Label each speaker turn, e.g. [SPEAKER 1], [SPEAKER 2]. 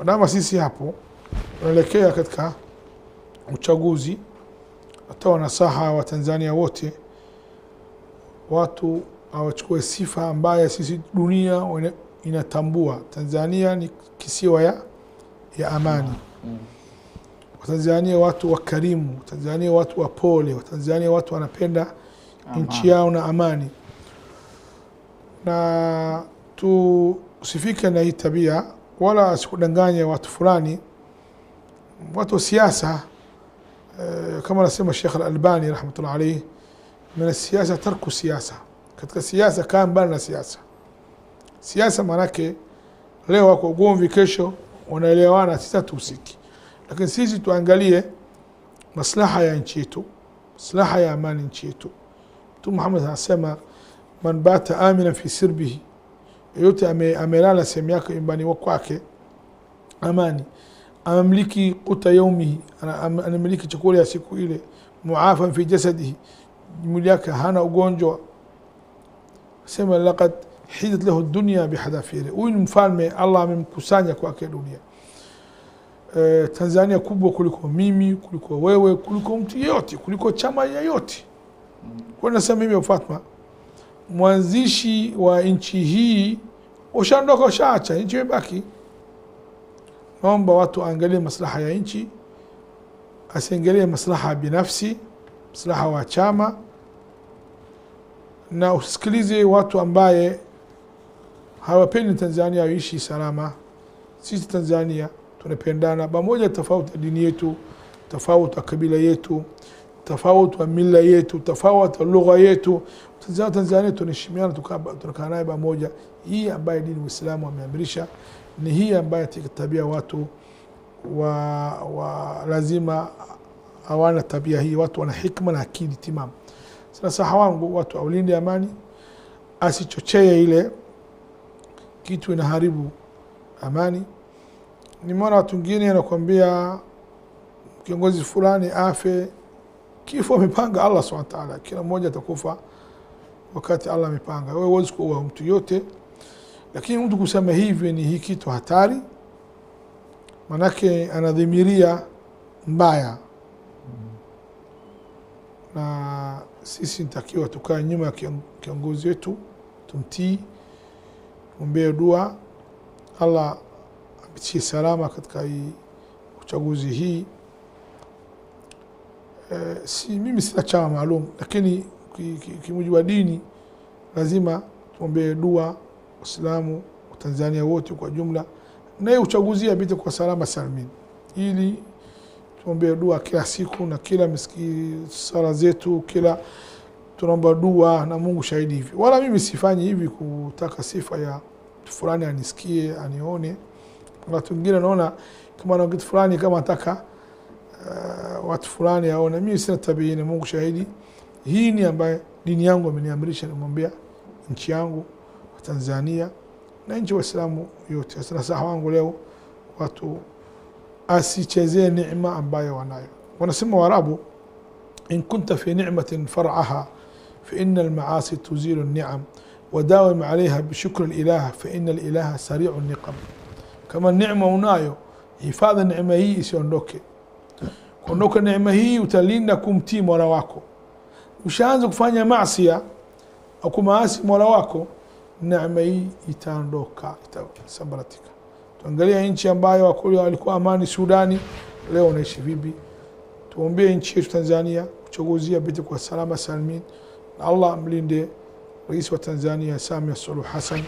[SPEAKER 1] madama sisi hapo tunaelekea katika uchaguzi, wanasaha wa Watanzania wote, watu hawachukue sifa ambaye sisi dunia inatambua Tanzania ni kisiwa ya, ya amani mm. Watanzania watu wakarimu, Watanzania watu wapole, Watanzania watu wanapenda nchi yao na amani, na tusifike na hii tabia wala sikudanganya watu fulani, watu wa siasa e, kama anasema Sheikh Al-Albani rahmatullah alayhi, min siasa tarku siasa, katika siasa kaa mbali na siasa. Siasa maanake leo wako ugomvi, kesho wanaelewana, sisi hatuhusiki. Lakini sisi tuangalie maslaha ya nchi yetu, maslaha ya amani nchi yetu. Mtume Muhammad anasema man bata amina fi sirbihi yoyote ame, amelala sehemu yake nyumbani kwake amani amemiliki quta yaumihi anamiliki chakula ya siku ile muafan fi jasadihi mwili yake hana ugonjwa sema laqad hidat lahu dunya bihadafiri huyu ni mfalme allah amemkusanya kwake dunia e, tanzania kubwa kuliko mimi kuliko wewe kuliko mtu yeyote kuliko chama yeyote kwa nasema mimi fatma mwanzishi wa nchi hii ushandoka, ushaacha, nchi imebaki. Naomba watu aangalie maslaha ya nchi, asiangalie maslaha binafsi, maslaha wa chama, na usikilize watu ambaye hawapendi Tanzania waishi salama. Sisi Tanzania tunapendana pamoja, tofauti ya dini yetu, tofauti ya kabila yetu, tofauti wa mila yetu, tofauti wa lugha yetu Tanzania tunaheshimiana, tunakaa naye pamoja. Hii ambaye dini Uislamu ameamrisha ni hii ambaye tabia watu wa, wa lazima hawana tabia hii. Watu wana hikma na akili timamu. Nasaha wangu watu aulinde amani, asichochee ile kitu inaharibu amani. Nimeona watu wengine anakuambia kiongozi fulani afe, kifo amepanga Allah subhanahu wa ta'ala, kila mmoja atakufa wakati Allah amepanga. Wewe huwezi kuua mtu yote, lakini mtu kusema hivyo ni hii kitu hatari, manake anadhimiria mbaya, na sisi nitakiwa tukae nyuma ya kiongozi wetu, tumtii, tuombee dua, Allah ampitie salama katika hii uchaguzi hii. E, si mimi sina chama maalum lakini kimujibu wa dini lazima tuombee dua Waislamu Tanzania wote kwa jumla, naye uchaguzi apite kwa salama salimini, ili tuombee dua kila siku na kila miski sala zetu, kila tunaomba dua na Mungu shahidi hivi. Wala mimi sifanyi hivi kutaka sifa ya fulani anisikie anione. Kuna watu wengine naona kama na kitu fulani kama nataka uh, eh, watu fulani aone. Mimi sina tabia, ni Mungu shahidi. Hii ni ambaye dini yangu ameniamrisha, nimwambia nchi yangu wa Tanzania na nchi Waislamu yote. Nasaha wangu leo watu asichezee neema ambayo wanayo. Wanasema Waarabu, in kunta fi nimatin faraha faina almaasi tuzilu niam wadawim alaiha bishukri lilah faina lilaha sariu niqam, kama neema unayo hifadhi neema hii isiondoke. Kuondoka neema hii utalinda kumtii mola wako ushaanza kufanya masia akumaasi kumaasi mola wako, neema hii itaondoka, itasambaratika. Tuangalia nchi ambayo wakuli walikuwa amani, Sudani, leo unaishi vipi? Tuombee nchi yetu Tanzania, uchaguzi apite kwa salama salmin, na Allah mlinde rais wa Tanzania Samia Suluhu Hassan.